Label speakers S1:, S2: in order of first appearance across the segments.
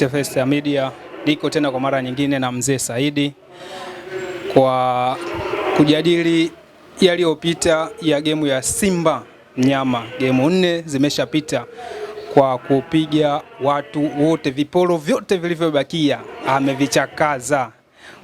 S1: Tefest ya Media niko tena kwa mara nyingine na mzee Saidi kwa kujadili yaliyopita ya gemu ya Simba Mnyama. Gemu nne zimeshapita kwa kupiga watu wote, viporo vyote vilivyobakia amevichakaza.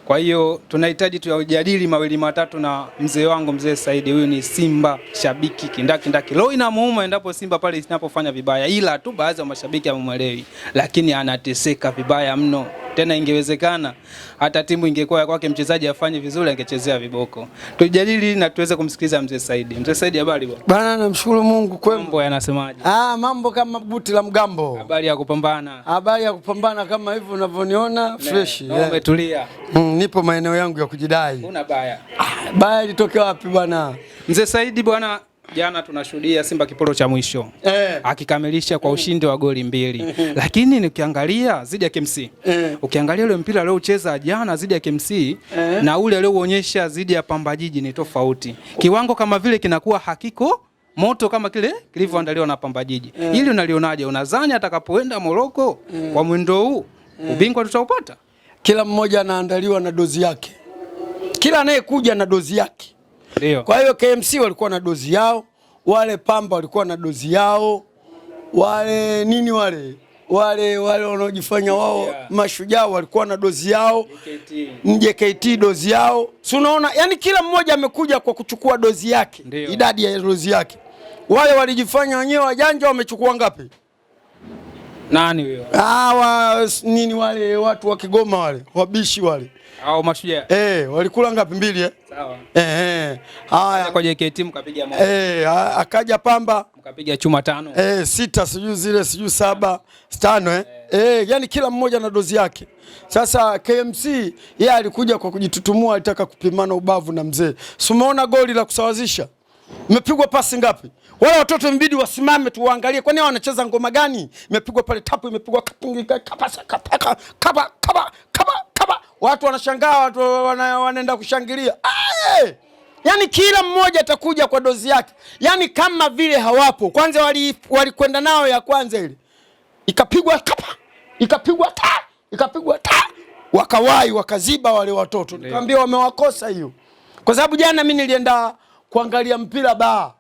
S1: Kwa hiyo tunahitaji tuyajadili mawili matatu na mzee wangu mzee Saidi. Huyu ni Simba shabiki kindakindaki, ina inamuuma endapo Simba pale inapofanya vibaya, ila tu baadhi ya mashabiki hamwelewi, lakini anateseka vibaya mno. Tena ingewezekana hata timu ingekuwa ya kwake, mchezaji afanye vizuri, angechezea viboko. Tujadili na tuweze kumsikiliza mzee Said. Mzee Said,
S2: habari bwana? Bwana, namshukuru Mungu. Kwema. Mambo yanasemaje? Ah, mambo kama buti
S1: la mgambo. Habari ya
S2: kupambana. Habari ya kupambana kama hivyo unavyoniona fresh. Na eh. umetulia. Mm, nipo maeneo yangu ya kujidai. Una baya. Ah, baya litokea wapi bwana?
S1: Mzee Said bwana jana tunashuhudia Simba kiporo cha mwisho eh, akikamilisha kwa mm. ushindi wa goli mbili mm-hmm. Lakini nikiangalia zidi ya KMC eh, ukiangalia ule mpira aliocheza jana zidi ya KMC eh, na ule aliouonyesha zidi ya Pamba Jiji ni tofauti, kiwango kama vile kinakuwa hakiko moto kama kile kilivyoandaliwa na Pamba Jiji eh. Ili unalionaje? Unadhani atakapoenda Moroko eh, kwa mwendo huu eh, ubingwa tutaupata? Kila mmoja
S2: anaandaliwa na dozi yake, kila anayekuja na dozi yake ndio. Kwa hiyo KMC walikuwa na dozi yao, wale Pamba walikuwa na dozi yao, wale nini wale wale wale wanaojifanya wao yeah, mashujaa walikuwa na dozi yao, JKT dozi yao, si unaona? Yani kila mmoja amekuja kwa kuchukua dozi yake, Ndiyo. idadi ya dozi yake. Wale walijifanya wenyewe wajanja, wamechukua ngapi? Nani huyo? wa, nini wale watu wa Kigoma wale wabishi
S1: wale au
S2: mashujaa. Eh, walikula ngapi mbili eh?
S1: Sawa. Eh. Eh. Haya kwa
S2: JKT mkapiga moja. Eh, akaja Pamba mkapiga chuma tano. Eh, sita sijui zile sijui saba, tano eh. Eh, Eh, yani kila mmoja na dozi yake. Sasa KMC yeye alikuja kwa kujitutumua, alitaka kupimana ubavu na mzee. Si umeona goli la kusawazisha? Mmepigwa pasi ngapi? Wale watoto mbidi wasimame tu waangalie, kwani hao wanacheza ngoma gani? Imepigwa pale tapu, imepigwa kapungi, kapasa kapaka, kapa, kaba kaba watu wanashangaa, watu wanaenda kushangilia Aye! Yaani kila mmoja atakuja kwa dozi yake, yaani kama vile hawapo. Kwanza walikwenda wali nao ya kwanza ile ikapigwa kapa, ikapigwa ta ikapigwa ta, wakawai wakaziba wale watoto, nikamwambia wamewakosa hiyo, kwa sababu jana mimi nilienda kuangalia mpira baa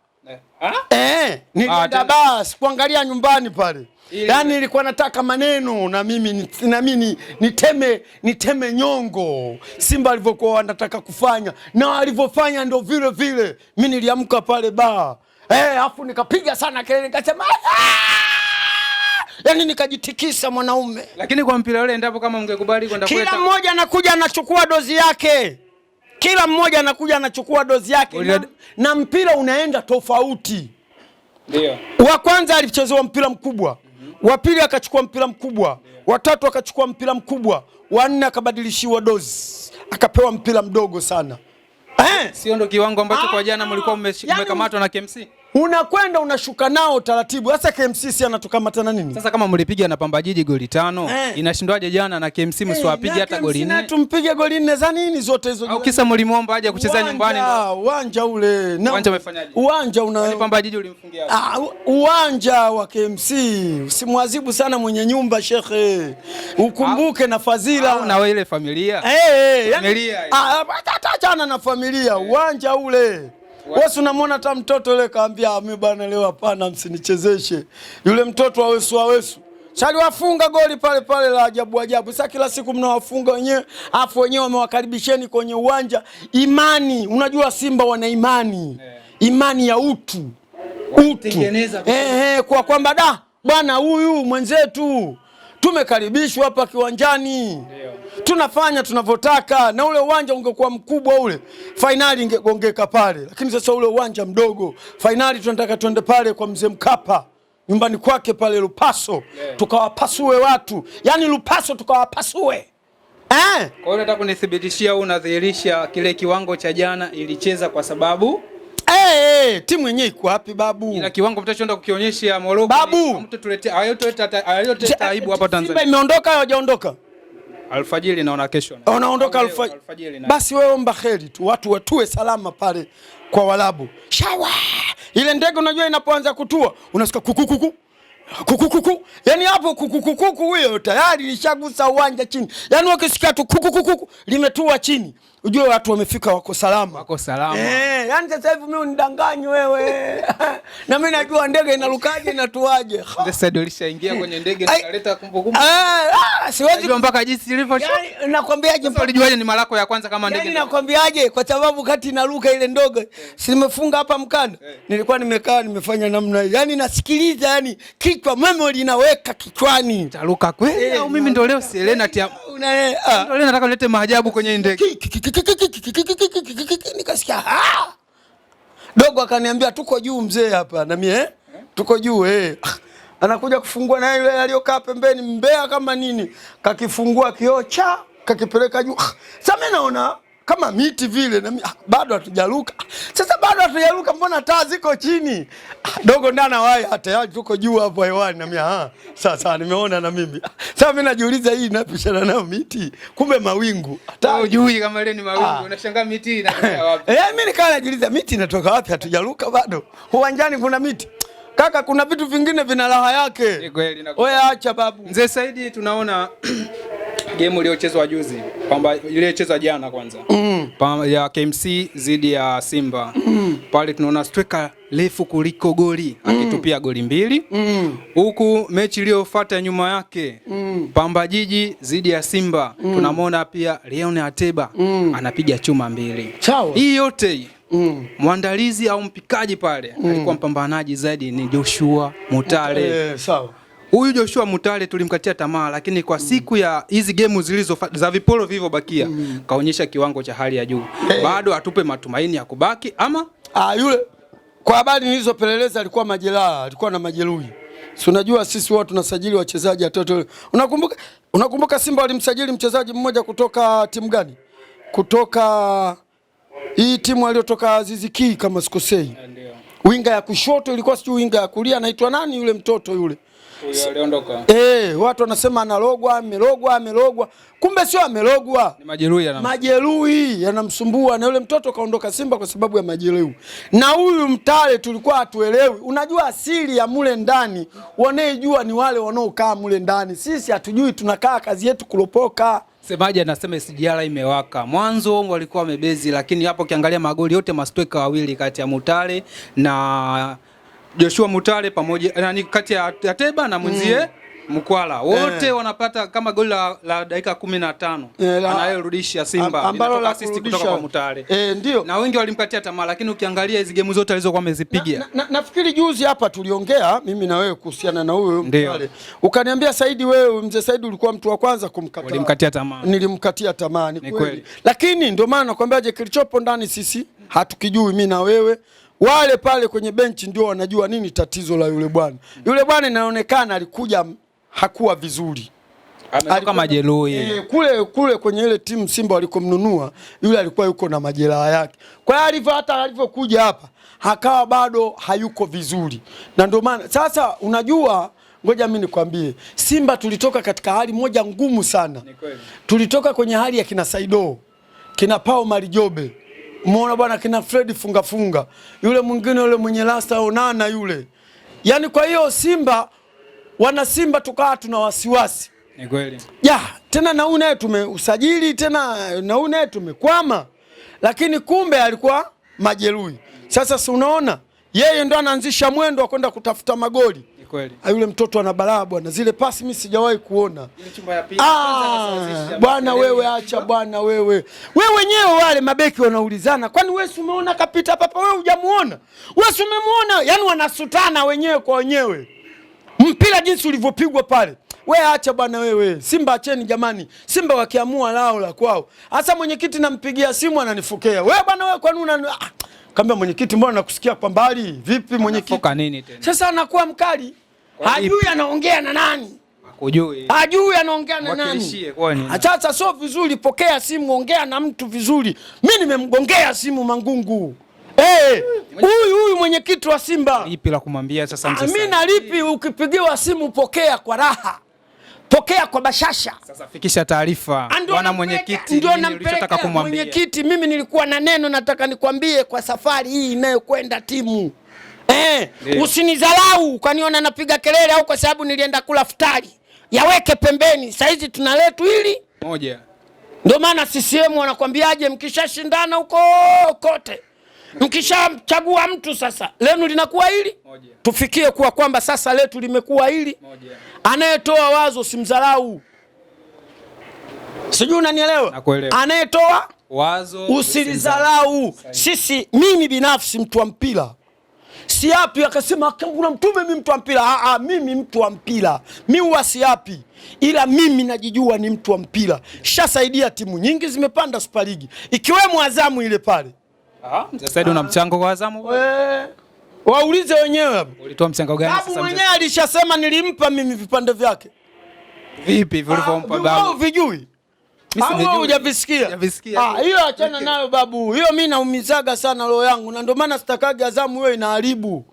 S2: Ah? Eh, nilienda ah, bas kuangalia nyumbani pale. Yaani nilikuwa nataka maneno na mimi na mimi niteme niteme nyongo. Simba alivyokuwa wanataka kufanya na alivyofanya ndio vile vile. Mimi niliamka pale ba. Eh, afu nikapiga sana kelele nikasema ah! Yaani nikajitikisa mwanaume. Lakini kwa mpira ule endapo kama mngekubali kwenda kule. Kila mmoja anakuja anachukua dozi yake kila mmoja anakuja anachukua dozi yake na, na mpira unaenda tofauti. Ndio. Wa kwanza alichezewa mpira mkubwa wa pili akachukua mpira mkubwa wa tatu akachukua mpira mkubwa wa nne akabadilishiwa dozi akapewa mpira mdogo
S1: sana eh. Sio ndo kiwango ambacho ah, kwa jana mlikuwa mmekamatwa yani, na
S2: KMC unakwenda unashuka nao taratibu. Sasa KMC
S1: si anatukamatana nini? Sasa kama mlipiga na Pamba Jiji goli tano eh, inashindwaje jana na KMC eh, msiwapige hata goli nne? Tumpige goli nne za nini zote hizo? Au kisa mlimuomba aje kucheza
S2: nyumbani? Uwanja ule na uwanja umefanyaje? Uwanja
S1: una ni Pamba Jiji ulimfungia ah, uwanja wa
S2: KMC usimwazibu sana mwenye nyumba shekhe, ukumbuke ah, na fadhila au na ile familia
S1: eh, eh familia ah, hata achana yani, ah, na familia
S2: eh. uwanja ule wewe unamwona hata mtoto yule kaambia, mimi bwana leo hapana, msinichezeshe yule mtoto wa Wesu wa Wesu chaliwafunga goli pale pale la ajabu ajabu. Sasa kila siku mnawafunga wenyewe, afu wenyewe wamewakaribisheni kwenye uwanja. Imani, unajua Simba wana imani, eh. imani ya
S1: utu utu, eh, eh, kwa kwamba
S2: da bwana, huyu mwenzetu tumekaribishwa hapa kiwanjani Deo tunafanya tunavyotaka, na ule uwanja ungekuwa mkubwa ule fainali ingegongeka pale, lakini sasa ule uwanja mdogo, fainali tunataka tuende pale kwa mzee Mkapa nyumbani kwake pale Lupaso, yeah. tukawapasue watu, yani Lupaso tukawapasue eh. Kwa hiyo
S1: nataka kunithibitishia au unadhihirisha kile kiwango cha jana ilicheza kwa sababu Hey, eh, eh, hey, timu
S2: yenyewe iko wapi babu? Ina kiwango mtachoenda kukionyesha Morocco. Babu.
S1: Mtu tuletee. Hayo tuletee aibu hapa Tanzania. Simba
S2: imeondoka au hajaondoka? Alfajiri naona kesho. Unaondoka alfajiri. Basi wewe omba heri tu, watu watue salama pale kwa walabu Shawa. Ile ndege unajua inapoanza kutua, unasikia kukukuku. Kukukuku. Yaani hapo kukukuku huyo tayari ilishagusa uwanja chini. Yaani ukisikia tu kukukuku limetua chini. Ujue watu wamefika, wako salama,
S1: wako salama. Eh, yani sasa hivi mimi unidanganye wewe
S2: na mimi najua ndege inarukaje na tuaje.
S1: Sasa ndio ulishaingia kwenye ndege na kaleta kumbukumbu.
S2: Eh, ah, siwezi mpaka jinsi ilivyo. Yani nakwambiaje,
S1: mpaka ulijuaje ni mara yako ya kwanza kama ndege? Yani nakwambiaje, kwa sababu kati
S2: inaruka ile ndogo, si nimefunga hapa mkanda, eh. nilikuwa nimekaa nimefanya namna hiyo, yani nasikiliza, yani kichwa memory inaweka kichwani, taruka kweli eh,
S1: au mimi ndio leo Selena tia, ah. ndio leo nataka nilete
S2: maajabu kwenye ndege nikasikia dogo akaniambia tuko juu mzee hapa na mie eh? tuko juu eh. Anakuja kufungua na yule aliyokaa pembeni mbea kama nini, kakifungua kiocha kakipeleka juu. Sasa mimi naona kama miti vile na ah, bado hatujaruka. Sasa bado hatujaruka, mbona taa ziko chini? Ah, dogo ndana waya hata ya yaani tuko juu hapo hewani ah, na mimi ah, Sasa nimeona na mimi. Sasa mimi najiuliza hii inapishana nayo miti. Kumbe mawingu.
S1: Hata hujui kama ile ni mawingu. ah. Unashangaa miti inatoka
S2: wapi? Eh, mimi nikawa najiuliza miti inatoka wapi? Hatujaruka bado. Uwanjani kuna miti. Kaka, kuna vitu vingine vina
S1: raha yake. Wewe acha babu. Mzee Saidi tunaona game iliyochezwa juzi kwamba iliyochezwa jana kwanza mm. ya KMC dhidi ya Simba mm. Pale tunaona striker refu kuliko goli mm. akitupia goli mbili mm. huku mm. mechi iliyofuata nyuma yake mm. Pamba Jiji dhidi ya Simba mm. tunamwona pia Leon Ateba mm. anapiga chuma mbili. Hii yote Mm. Mwandalizi au mpikaji pale mm. alikuwa mpambanaji zaidi ni Joshua Mutale. Eh, sawa. Huyu Joshua Mutale tulimkatia tamaa, lakini kwa siku ya hizi gemu zilizo za vipolo vilivyobakia mm. kaonyesha kiwango cha hali ya juu hey. Bado atupe
S2: matumaini ya kubaki ama ah, yule kwa habari nilizopeleleza alikuwa majeraha, alikuwa na majeruhi. Si unajua sisi wao tunasajili wachezaji watoto. Unakumbuka unakumbuka Simba walimsajili mchezaji mmoja kutoka timu gani? Kutoka hii timu aliyotoka Azizi Ki kama sikosei. Winga ya kushoto ilikuwa sijui winga ya kulia anaitwa nani yule mtoto
S1: yule? Eh, watu wanasema analogwa,
S2: amelogwa, amelogwa, kumbe sio amelogwa,
S1: majeruhi yanamsumbua, na yule mtoto kaondoka
S2: Simba kwa sababu ya majeruhi. Na huyu Mtale tulikuwa hatuelewi. Unajua asili ya mule ndani, wanaejua ni wale wanaokaa mule ndani, sisi hatujui, tunakaa kazi yetu kulopoka. Semaji anasema SGR
S1: imewaka. Mwanzo walikuwa wamebezi, lakini hapo ukiangalia magoli yote mastweka wawili kati ya Mutale na Joshua Mutale pamoja nani kati ya Ateba na mwenzie mm. Mkwala wote eh, wanapata kama goli la, la dakika 15 eh, anayerudisha
S2: Simba ambalo la assist kutoka kwa Mutale eh, ndio na
S1: wengi walimkatia tamaa, lakini ukiangalia hizo game zote alizokuwa amezipiga
S2: na, na, nafikiri juzi hapa tuliongea mimi na wewe kuhusiana
S1: na huyo Mutale, ukaniambia Saidi, wewe mzee Saidi ulikuwa mtu wa kwanza kumkata, ulimkatia tamaa. Nilimkatia tamaa,
S2: ni kweli, lakini ndio maana nakwambia je, kilichopo ndani sisi hatukijui, mimi na wewe wale pale kwenye benchi ndio wanajua nini tatizo la yule bwana. Yule bwana inaonekana alikuja hakuwa vizuri,
S1: alikuwa majeruhi eh, kule kule kwenye ile timu
S2: Simba walikomnunua yule, alikuwa yuko na majeraha yake. Kwa hiyo alivyo hata alivyokuja hapa akawa bado hayuko vizuri, na ndio maana sasa, unajua ngoja mimi nikwambie, Simba tulitoka katika hali moja ngumu sana, tulitoka kwenye hali ya kina Saido, kina Pao Marijobe Umeona bwana kina Fred funga funga. Yule mwingine yule mwenye rasta onana yule. Yaani kwa hiyo Simba wana Simba tukawa tuna wasiwasi. Ni
S1: kweli. Ya, tena na huyu naye tumeusajili tena
S2: na huyu naye tumekwama. Lakini kumbe alikuwa majeruhi. Sasa si unaona yeye ndo anaanzisha mwendo wa kwenda kutafuta magoli. Ah, yule mtoto ana balaa bwana, zile pasi, mimi sijawahi kuona ah, bwana. Yaani wewe acha bwana, wewe wewe wenyewe, wale mabeki wanaulizana, kwani wewe si umeona kapita papa, wewe hujamuona, wewe si umemuona? Yani wanasutana wenyewe kwa wenyewe, mpira jinsi ulivyopigwa pale. We acha bwana wewe, Simba acheni jamani. Simba wakiamua lao la kwao. Hasa mwenyekiti nampigia simu ananifukea, we bwana, wewe, kwani una ah, Kaambia mwenyekiti, mbona nakusikia kwa mbali? Vipi
S1: mwenyekiti? Sasa anakuwa mkali.
S2: Hajui anaongea na nani. Hakujui. Hajui
S1: anaongea na nani. Achacha, sio vizuri, pokea
S2: simu, ongea na mtu vizuri. mi nimemgongea simu Mangungu. Eh, huyu huyu mwenyekiti wa
S1: Simba. Lipi la kumwambia sasa ah, Mimi na lipi ukipigiwa
S2: simu pokea kwa raha pokea kwa
S1: bashasha. Sasa fikisha taarifa ah, bwana mwenyekiti, ndio
S2: nampeleka mwenyekiti. Mimi nilikuwa na neno nataka nikwambie kwa safari hii inayokwenda timu eh, usinidharau ukaniona napiga kelele au kwa sababu nilienda kula futari. Yaweke pembeni,
S1: saizi tuna letu hili moja. Ndio maana
S2: CCM wanakwambiaje, mkishashindana huko kote mkishamchagua mtu sasa lenu linakuwa hili moja. Tufikie kuwa kwamba sasa letu limekuwa hili moja. Anayetoa wazo usimdharau, sijui unanielewa.
S1: Anayetoa wazo usilidharau.
S2: Sisi, mimi binafsi, mtu wa mpira siapi akasema kuna mtume, mi mtu wa mpira. Aa, ah, ah, mimi mtu wa mpira mi huwa siapi, ila mimi najijua ni mtu wa mpira. Shasaidia timu nyingi zimepanda Super League ikiwemo Azamu ile pale.
S1: Ah, Said una mchango kwa Azamu? Eh.
S2: Waulize wenyewe hapo. Ulitoa mchango gani sasa? Babu mwenyewe alishasema nilimpa mimi vipande vyake. Vipi ah, vilivyompa babu? Vijui. Ah, hujavisikia? Ah, hiyo achana nayo babu. Hiyo mimi naumizaga sana roho yangu na ndio maana sitakagi Azamu hiyo inaharibu.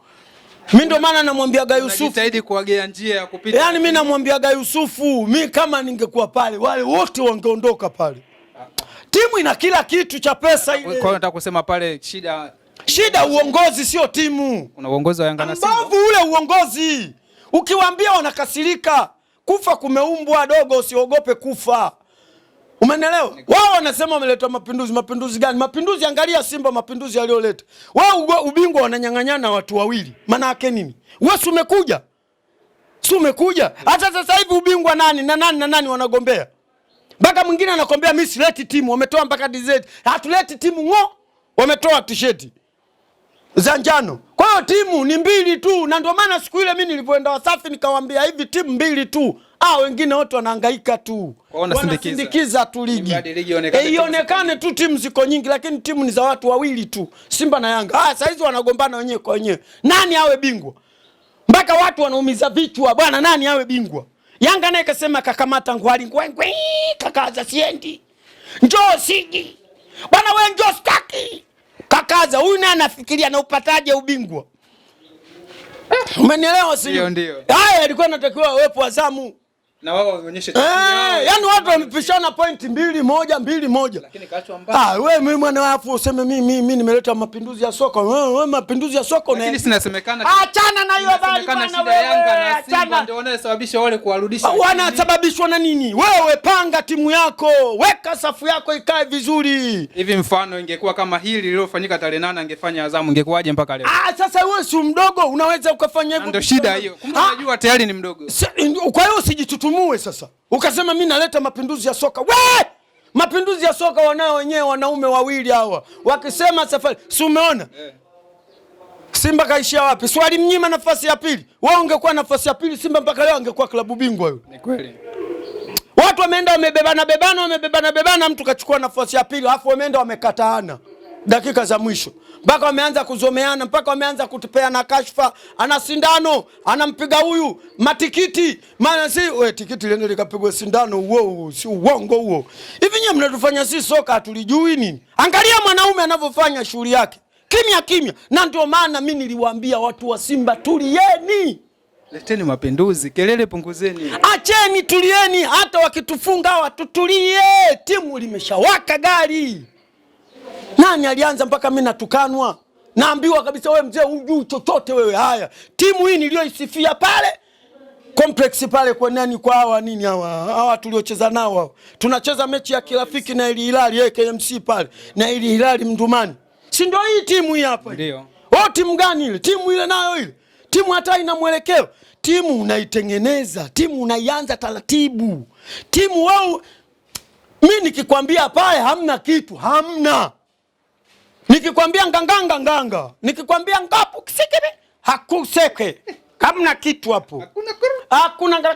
S2: Mimi ndio maana namwambiaga Yusufu. Jitahidi kuagea njia ya kupita. Yaani mimi namwambiaga Yusufu, mimi kama ningekuwa pale wale wote wangeondoka pale. Ah, Timu ina kila kitu cha pesa ile. Kwa hiyo nataka kusema pale
S1: shida Shida uongozi, sio timu. Kuna
S2: uongozi wa Yanga na Simba Mbavu Ule uongozi ukiwaambia wanakasirika. Kufa kumeumbwa dogo, usiogope kufa. Umenelewa? Wao wanasema wameleta mapinduzi. Mapinduzi gani? Mapinduzi, angalia Simba mapinduzi aliyoleta. Wao ubingwa wananyang'anyana watu wawili, maana yake nini? Wewe si umekuja, si umekuja? Hata sasa hivi ubingwa nani na nani na nani wanagombea, mpaka mwingine anakwambia mimi sileti timu. Wametoa mpaka dessert. hatuleti timu ngo, wametoa t-shirt za njano. Kwa hiyo timu ni mbili tu, na ndio maana siku ile mimi nilivyoenda Wasafi nikawaambia hivi timu mbili tu, ah, wengine wote wanahangaika
S1: tu, wanasindikiza tu ligi
S2: ionekane tu timu ziko nyingi, lakini timu ni za watu wawili tu, Simba na Yanga. Ah, saa hizi wanagombana wenyewe kwa wenyewe, nani awe bingwa, mpaka watu wanaumiza vichwa bwana, nani awe bingwa. Yanga naye kasema kakamata ngwali ngwengwe, kakaza siendi, njoo sigi bwana, we njoo staki Kakaza huyu naye anafikiria na upataje ubingwa,
S1: eh. umenielewa? Sio haya,
S2: alikuwa anatakiwa awepo Azamu na wao wameonyesha hey, eh, yani watu wamepishana pointi mbili moja mbili moja, lakini kaachwa mbali. Ah, wewe mimi mwana wafu useme mimi mimi nimeleta mapinduzi ya soka wewe, wewe mapinduzi ya soka Lakini
S1: sinasemekana, achana na hiyo habari bwana. Wewe Yanga na
S2: Simba ndio wanasababisha wale kuwarudisha, wanasababishwa na nini? Wewe panga timu yako, weka safu yako ikae vizuri. Hivi mfano ingekuwa kama hili lililofanyika tarehe nane angefanya Azamu, ingekuwaje mpaka leo? Ah, sasa wewe si
S1: mdogo, unaweza ukafanya hivyo, ndio shida hiyo. Kumbe ah. unajua tayari
S2: ni mdogo, kwa hiyo usijitutumie usijiinue sasa ukasema mi naleta mapinduzi ya soka we mapinduzi ya soka wanao wenyewe wanaume wawili hawa wakisema safari si umeona eh. Simba kaishia wapi? Swali mnyima nafasi ya pili. Wao ungekuwa nafasi ya pili Simba mpaka leo angekuwa klabu bingwa huyo. Ni kweli. Watu wameenda wamebebana bebana wamebebana bebana mtu kachukua nafasi ya pili, alafu wameenda wamekataana dakika za mwisho, mpaka wameanza kuzomeana, mpaka wameanza na kashfa. Ana sindano anampiga huyu, matikiti maana si we, tikiti lene likapigwa sindano. Uo si uongo huo? Hivi nyinyi mnatufanya si soka hatulijui nini? Angalia mwanaume anavyofanya shughuli yake kimya kimya, na ndio maana mimi niliwaambia watu wa Simba, tulieni Leteni mapinduzi,
S1: kelele punguzeni, acheni, tulieni. Hata
S2: wakitufunga watutulie, timu limeshawaka gari. Nani alianza mpaka mimi natukanwa? Naambiwa kabisa wewe mzee hujui chochote wewe. Haya, timu hii niliyoisifia pale complex pale kwa nani, kwa hawa nini hawa hawa tuliocheza nao hao, tunacheza mechi ya kirafiki na ili Hilali yeye KMC pale na ili Hilali Mdumani, si ndio? Hii timu hii hapa ndio wao. Timu gani ile? Timu ile nayo ile timu hata ina mwelekeo. Timu unaitengeneza, timu unaianza taratibu, timu wao. Mimi nikikwambia pale hamna kitu, hamna Nikikwambia nganganga nganga, nikikwambia ngapu kisikini hakuseke. Hamna kitu hapo. Hakuna kuru. Hakuna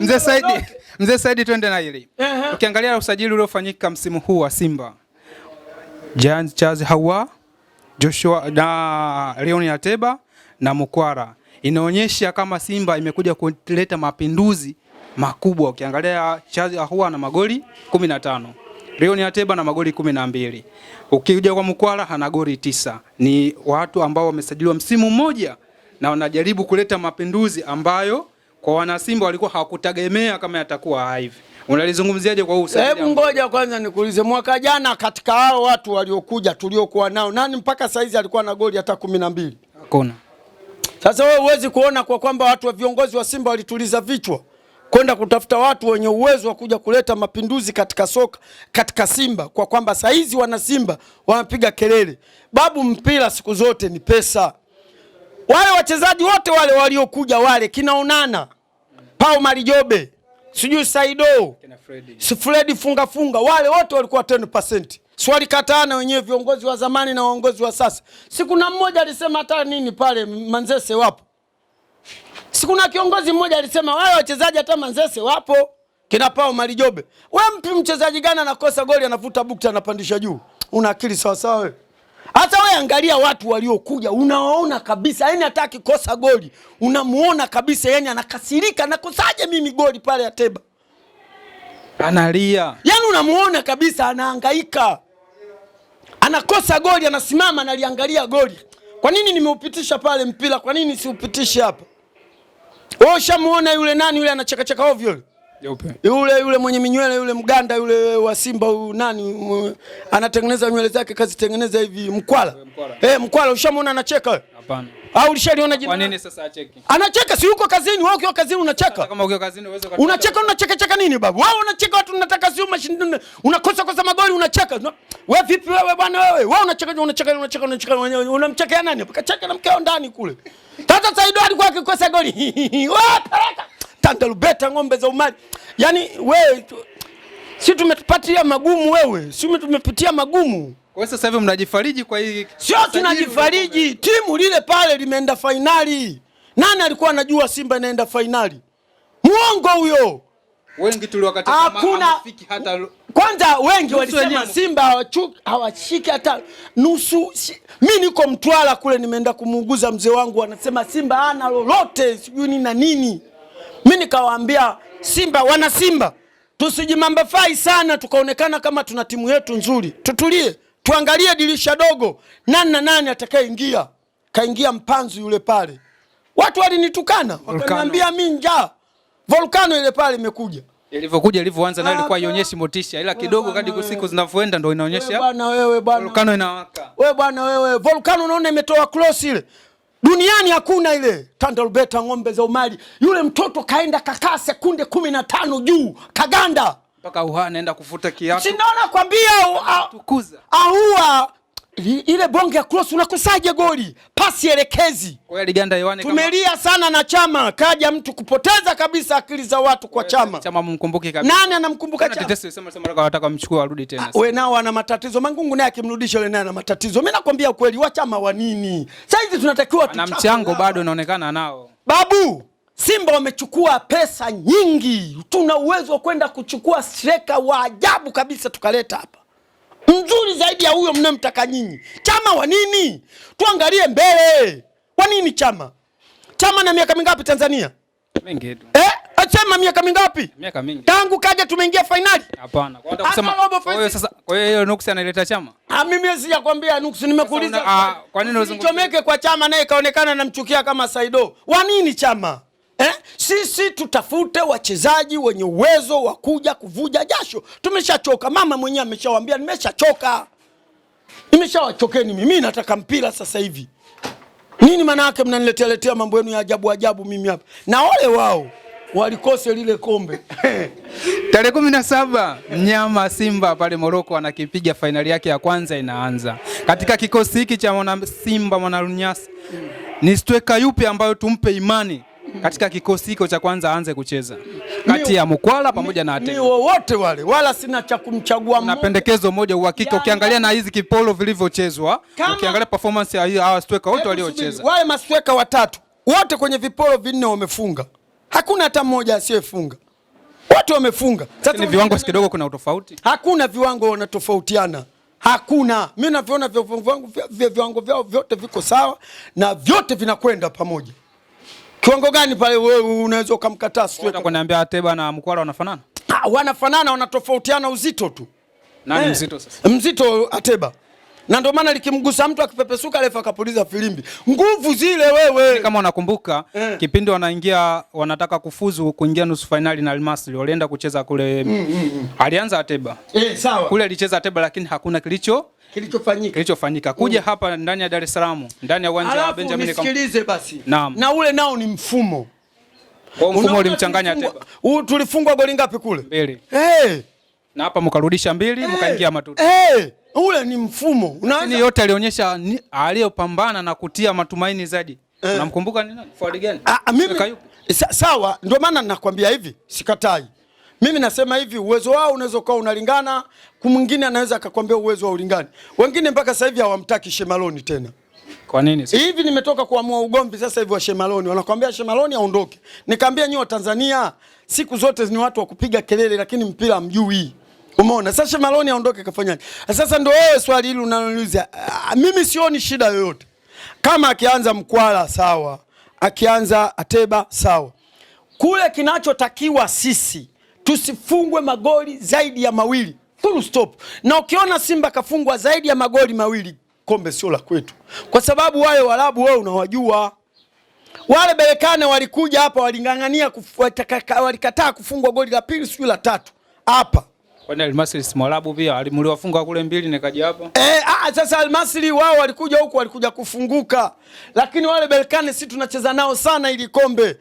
S2: Mzee Saidi,
S1: Mzee Saidi twende na hili. Ukiangalia usajili uliofanyika msimu huu wa Simba. jans Charles Hawa, Joshua na leoni Ateba na Mukwara. Inaonyesha kama Simba imekuja kuleta mapinduzi makubwa. Ukiangalia Charles hawa na magoli tano Leon Ateba na magoli kumi na mbili. Ukija kwa Mkwala ana goli tisa. Ni watu ambao wamesajiliwa msimu mmoja na wanajaribu kuleta mapinduzi ambayo kwa wanasimba walikuwa hawakutegemea kama yatakuwa hivi. Unalizungumziaje kwa huu? Hebu ngoja kwanza nikuulize, mwaka
S2: jana katika hao watu waliokuja tuliokuwa nao nani mpaka saizi alikuwa na goli hata kumi na mbili? Hakuna. Sasa wewe huwezi kuona kwa kwamba watu wa viongozi wa Simba walituliza vichwa kwenda kutafuta watu wenye uwezo wa kuja kuleta mapinduzi katika soka katika Simba, kwa kwamba saizi wana Simba wanapiga kelele babu, mpira siku zote ni pesa. Wale wachezaji wote wale waliokuja wale kinaonana Pau Marijobe, sijui Saido, Fredi funga funga, wale wote walikuwa 10%. swali katana wenyewe viongozi wa zamani na waongozi wa sasa? na mmoja alisema hata nini pale Manzese wapo Sikuna kiongozi mmoja alisema wale wachezaji hata Manzese wapo kina Pao Malijobe. We mpi mchezaji gani anakosa goli anavuta bukta anapandisha juu? Una akili sawa sawa wewe? Hata wewe angalia watu waliokuja unawaona kabisa, yani hata akikosa goli unamuona kabisa, yani anakasirika, nakosaje mimi goli pale Ateba.
S1: Analia. Yani unamuona kabisa anahangaika.
S2: Anakosa goli anasimama analiangalia goli. Kwa nini nimeupitisha pale mpira? Kwa nini siupitishe hapa? Wewe ushamuona yule nani yule anachekacheka ovyo yule? Jeupe. Yule yule mwenye minywele yule mganda yule wa Simba huyu nani mw... anatengeneza nywele zake kazitengeneza hivi mkwala. Eh, mkwala ushamuona anacheka? Hapana. Au ulishaliona
S1: jina? Kwa nini sasa acheke? Anacheka si yuko kazini, wewe ukiwa kazini
S2: unacheka. Kama ukiwa kazini uweze kucheka. Unacheka unacheka cheka nini babu? Wewe unacheka watu unataka si mashindano. Unakosa kosa magoli unacheka. Wewe vipi wewe bwana wewe? Wewe unacheka unacheka unacheka unacheka unamchekea nani? Kacheka na mkeo ndani kule. Tata Saidu alikuwa akikosa goli. Wewe peleka. lubeta ng'ombe za umari. Yaani wewe si tumetupatia magumu wewe. Si tumepitia magumu. Kwa hiyo sasa hivi mnajifariji kwa hii? Sio tunajifariji, timu lile pale limeenda fainali. Nani alikuwa anajua Simba inaenda fainali? Muongo huyo. Wengi tuliwakata kama hata kwanza, wengi walisema Simba hawashiki hata nusu. Mi niko Mtwara kule, nimeenda kumuuguza mzee wangu, wanasema Simba hana lolote, sijui nini na nini. Mi nikawaambia Simba, wana Simba, tusijimambafai sana tukaonekana kama tuna timu yetu nzuri, tutulie tuangalie dirisha dogo, nani na nani atakayeingia. Kaingia mpanzu yule pale, watu walinitukana wakaniambia mi njaa. Volkano ile pale imekuja ilivyokuja ilivyoanza
S1: nayo ah, ilikuwa ah. ionyeshi motisha, ila kidogo kadi siku zinavyoenda ndo
S2: inaonyesha bwana. Wewe bwana, volkano inawaka wewe bwana, wewe volkano unaona imetoa cross ile. Duniani hakuna ile tandalbeta, ng'ombe za umali. Yule mtoto kaenda kakaa sekunde kumi na tano juu kaganda.
S1: Mpaka uha anaenda kufuta kiatu. Si naona kwambia
S2: tukuza. Ahua ile bonge ya cross unakosaje goli? Pasi elekezi. Kwa Liganda Yohane tumelia sana na Chama, kaja mtu kupoteza kabisa akili za watu kwa eh, Chama. Chama mumkumbuke kabisa. Nani
S1: anamkumbuka Chama? Tetesi sema sema wanataka mchukue arudi tena. Wewe ah, nao ana
S2: matatizo. Mangungu naye akimrudisha yule naye ana matatizo. Mimi nakwambia ukweli wa Chama wa nini? Sasa hizi tunatakiwa tuchape. Na mchango bado unaonekana nao. Babu Simba wamechukua pesa nyingi. Tuna uwezo wa kwenda kuchukua streka wa ajabu kabisa tukaleta hapa, mzuri zaidi ya huyo mnayemtaka nyinyi. Chama wa nini? Tuangalie mbele. Kwa nini chama? Chama na miaka mingapi Tanzania? Eh? Ah, chama miaka mingapi? Miaka mingi. Tangu kaja tumeingia
S1: fainali? Hapana. Kwa hiyo sasa, kwa hiyo hiyo
S2: nuksi analeta chama? Ah, mimi sijakwambia nuksi, nimekuuliza. Ah, kwa nini uzungumzie? Chomeke kwa chama naye kaonekana namchukia kama Saido. Wa nini chama? Eh, sisi tutafute wachezaji wenye uwezo wa kuja kuvuja jasho. Tumeshachoka, mama mwenyewe ameshawaambia nimeshachoka, nimeshawachokeni mimi, nataka mpira sasa hivi. Nini maana yake mnaniletea letea mambo yenu ya ajabu ajabu mimi hapa? Na wale wao walikose lile kombe tarehe kumi
S1: na saba mnyama Simba pale Moroko anakipiga fainali yake ya kwanza inaanza katika kikosi hiki cha mwana Simba mwanarunyasi, Ni stweka yupi ambayo tumpe imani katika kikosi hiko cha kwanza aanze kucheza kati ya Mkwala pamoja na Ateba. Ni wowote
S2: wale, wala sina cha kumchagua mmoja. Na pendekezo moja uhakika, ukiangalia na hizi kipolo vilivyochezwa, ukiangalia performance ya hii hawa striker wote waliocheza, wale mastweka watatu wote kwenye vipolo vinne wamefunga, hakuna hata mmoja asiyefunga, wote wamefunga. Sasa viwango si kidogo, kuna utofauti? Hakuna viwango, wanatofautiana hakuna. Mimi naviona viwango vyao vyote viko sawa na vyote vinakwenda pamoja. Kiwango gani pale wewe unaweza ukamkataa
S1: Sio kuniambia Ateba na Mkwala wanafanana? Ah, wanafanana,
S2: wanatofautiana uzito tu. Nani eh, mzito sasa? Mzito Ateba. Na ndio maana likimgusa mtu akipepesuka refa akapuliza filimbi. Nguvu zile wewe. Yaani
S1: kama unakumbuka eh, kipindi wanaingia wanataka kufuzu kuingia nusu finali na Almasri, walienda kucheza kule. Mm, mm, mm. Alianza Ateba. Eh, sawa. Kule alicheza Ateba lakini hakuna kilicho kilichofanyika kilichofanyika kuja mm. hapa
S2: ndani ya Dar es Salaam ndani ya uwanja wa Benjamin Mkapa. Nisikilize basi na, na ule nao ni mfumo kwa mfumo ulimchanganya Teba. Huu tulifungwa goli ngapi kule? Mbili.
S1: Hey. Eh. Na hapa mkarudisha mbili hey. Eh. Mkaingia matuta. Hey.
S2: Eh. Ule ni mfumo. Unaanza yote alionyesha aliyopambana na kutia matumaini zaidi. Hey. Unamkumbuka
S1: ni nani? gani? Ah, ah, mimi sawa ndio
S2: maana nakwambia hivi sikatai. Mimi nasema hivi, uwezo wao unaweza kuwa unalingana, kumwingine anaweza akakwambia uwezo wa ulingani. Wengine mpaka sasa hivi hawamtaki Shemaloni tena. Kwa nini sasa hivi? Nimetoka kuamua ugomvi sasa hivi wa Shemaloni, wanakwambia Shemaloni aondoke. Nikamwambia nyinyi wa Tanzania siku zote ni watu wa kupiga kelele, lakini mpira hamjui. Umeona sasa, Shemaloni aondoke kafanyaje? Sasa ndio wewe swali hili unaloniuliza ah, mimi, sioni shida yoyote kama akianza Mkwala sawa, akianza Ateba sawa, kule kinachotakiwa sisi tusifungwe magoli zaidi ya mawili full stop. Na ukiona Simba kafungwa zaidi ya magoli mawili, kombe sio la kwetu, kwa sababu wale Waarabu wao unawajua wale Belekane walikuja hapa waling'ang'ania, walikataa kufungwa goli la pili, sijui la tatu
S1: hapa. Kwani Almasri si pia alimliwafunga kule
S2: mbili nikaja hapa. Eh, ah, ah sasa Almasri wao walikuja huku walikuja kufunguka. Lakini wale Belkane si tunacheza nao sana ili kombe.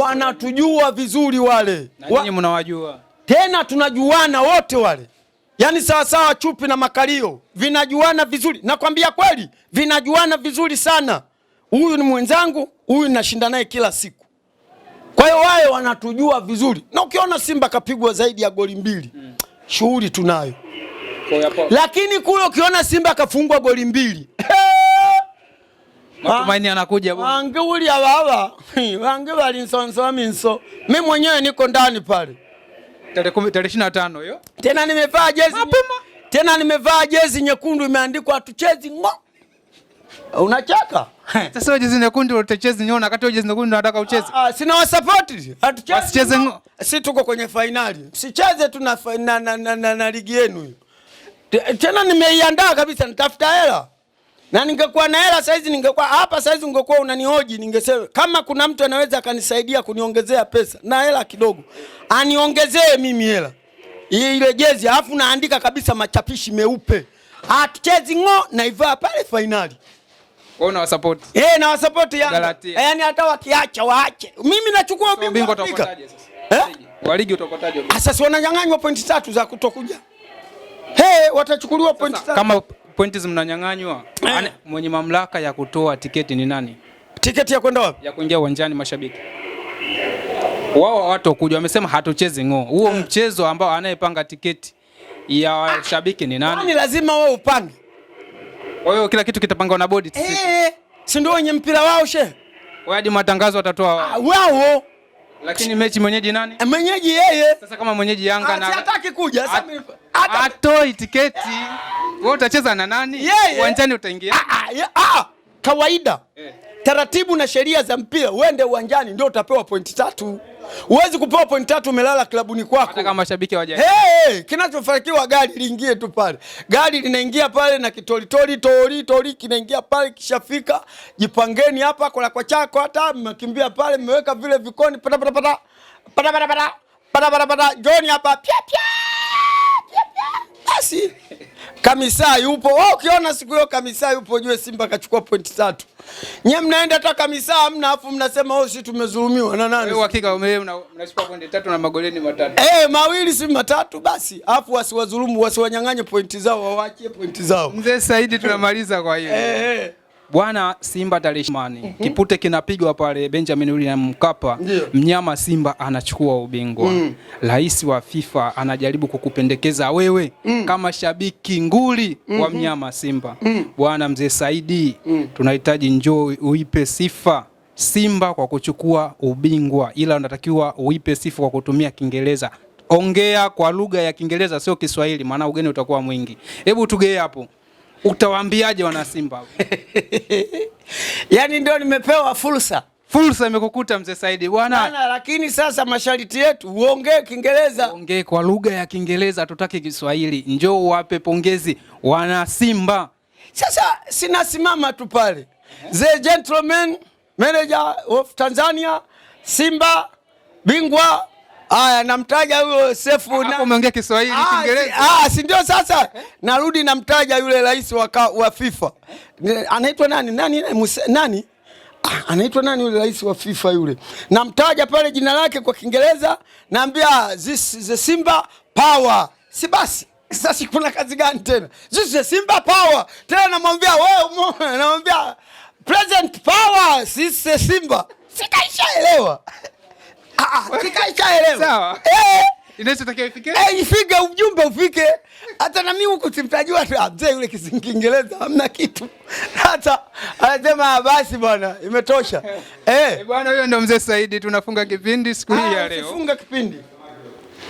S2: Wanatujua vizuri wale. Na nyinyi mnawajua. Tena tunajuana wote wale. Yaani sawa sawa chupi na makalio vinajuana vizuri. Nakwambia kweli vinajuana vizuri sana. Huyu ni mwenzangu, huyu ninashinda naye kila siku. Kwa hiyo wao wanatujua vizuri. Na ukiona Simba kapigwa zaidi ya goli mbili. Hmm shughuli tunayo, lakini kule ukiona Simba akafungwa goli mbili
S1: matumaini ah, anakuja bwana. Wange uli
S2: hawa. Wange bali nsonso wa minso. Mimi mwenyewe niko ndani pale. Tarehe tarehe 25 hiyo. Tena nimevaa jezi. Mapema. Tena nimevaa jezi nyekundu imeandikwa tuchezi ngo. Unachaka? Sasa jezi nyekundu utacheza nyona kati jezi nyekundu nataka ucheze. Ah, ah sina wasapoti. Hatucheze. Si tuko kwenye fainali. Sicheze tu na na ligi yenu hiyo. Tena nimeiandaa kabisa nitafuta hela. Na ningekuwa na hela saizi ningekuwa hapa saizi ungekuwa unanihoji ningesema kama kuna mtu anaweza akanisaidia kuniongezea pesa na hela kidogo. Aniongezee mimi hela. Ile jezi alafu naandika kabisa machapishi meupe. Hatuchezi ng'o naivaa pale finali.
S1: Wewe unawasupport. Eh, na wasupport Yanga. Yaani
S2: hata wakiacha waache. Mimi nachukua ubingwa wa Afrika. Eh? Wa ligi utakotaje? Sasa si wananyang'anywa pointi tatu za kutokuja. Hey, watachukuliwa
S1: pointi tatu. Kama pointi zimnanyang'anywa, eh. mwenye mamlaka ya kutoa tiketi ni nani? Tiketi ya kwenda wapi? Ya kuingia uwanjani mashabiki. Wao hawatokuja, wamesema hatuchezi ng'oo. Huo eh. mchezo ambao anayepanga tiketi ya washabiki ah. ni nani? Nani lazima
S2: wewe upange? Kwa hiyo kila kitu kitapangwa na bodi. Eh, si ndio wenye mpira wao she? Hadi matangazo watatoa wao. Ah, wao. Lakini mechi mwenyeji nani? Eh, mwenyeji yeye. Sasa kama mwenyeji Yanga ah, na hataki kuja sasa atoi tiketi. Wewe utacheza na nani? Uwanjani utaingia? Ah ah, ah kawaida. Eh taratibu na sheria za mpira, uende uwanjani ndio utapewa pointi tatu. Huwezi kupewa pointi tatu umelala klabuni kwako, hata kama mashabiki hawajaje. Hey, hey, kinachofanikiwa gari liingie tu pale, gari linaingia pale na kitolitoli toli toli kinaingia pale, kishafika jipangeni hapa kwa kwa chako, hata mmekimbia pale, mmeweka vile vikoni pata pata pata pata pata pata pata pata pata Joni hapa pia pia Pia pia. basi, kamisa yupo Oh, ukiona siku hiyo kamisa yupo, jue Simba kachukua pointi tatu. Nye mnaenda taka misaa mna afu mnasema oh, si tumezulumiwa na nani? Wewe hakika mnashika pointi tatu na magoleni matatu. Eh, mawili si matatu basi. Afu wasiwadhulumu, wasiwanyang'anye pointi zao, wawachie
S1: pointi zao. Mzee Saidi tunamaliza kwa hiyo. eh. eh. Bwana Simba tarehe Mm -hmm. Kipute kinapigwa pale Benjamin William Mkapa. Yeah. Mnyama Simba anachukua ubingwa. Mm. Rais wa FIFA anajaribu kukupendekeza wewe mm. kama shabiki nguli mm -hmm. wa mhm. mnyama Simba. Mm. Bwana mzee Saidi mm. tunahitaji njoo uipe sifa Simba kwa kuchukua ubingwa, ila unatakiwa uipe sifa kwa kutumia Kiingereza. Ongea kwa lugha ya Kiingereza, sio Kiswahili, maana ugeni utakuwa mwingi. Hebu tugee hapo. Utawaambiaje wana Simba?
S2: Yaani ndio nimepewa fursa, fursa imekukuta mzee Saidi bwana, lakini sasa masharti yetu uongee Kiingereza, uongee kwa lugha ya Kiingereza, hatutaki Kiswahili. Njoo uwape pongezi wana Simba. Sasa sinasimama tu pale, the gentleman manager of Tanzania Simba bingwa Aya, namtaja huyo Sefu na umeongea Kiswahili, ah, Kiingereza. Ah, si ndio sasa. Narudi namtaja yule rais wa wa FIFA. Anaitwa nani? Nani eh, nani? Ah, anaitwa nani yule rais wa FIFA yule? Namtaja pale jina lake kwa Kiingereza, naambia this is the Simba power. Si basi. Sasa kuna kazi gani tena? This is the Simba power. Tena namwambia wewe, namwambia present power, this is the Simba. Sitaishaelewa. Ah, ah, Sawa. Eh? eh. ifike? ujumbe ufike. Hata nami huku simtajua hata ah, mzee yule Kiingereza hamna kitu. Hata anasema basi bwana imetosha. Eh. Eh, bwana huyo ndo mzee Saidi tunafunga kipindi siku hii ya leo. Tunafunga kipindi.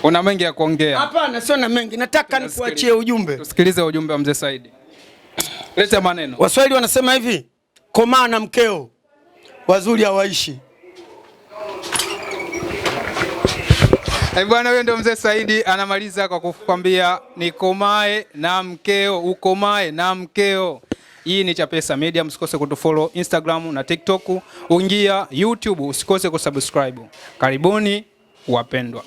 S2: Una mengi ya kuongea? Hapana, sio na mengi. Nataka nikuachie ujumbe. Tusikilize ujumbe wa mzee Saidi. lete maneno. Waswahili wanasema hivi, komaa na mkeo wazuri hawaishi.
S1: Eh, bwana, huyo ndio mzee Saidi anamaliza kwa kukwambia nikomae na mkeo, ukomae na mkeo. Hii ni Chapesa Media, msikose kutufollow Instagram na TikTok, ungia YouTube, usikose kusubscribe. Karibuni wapendwa.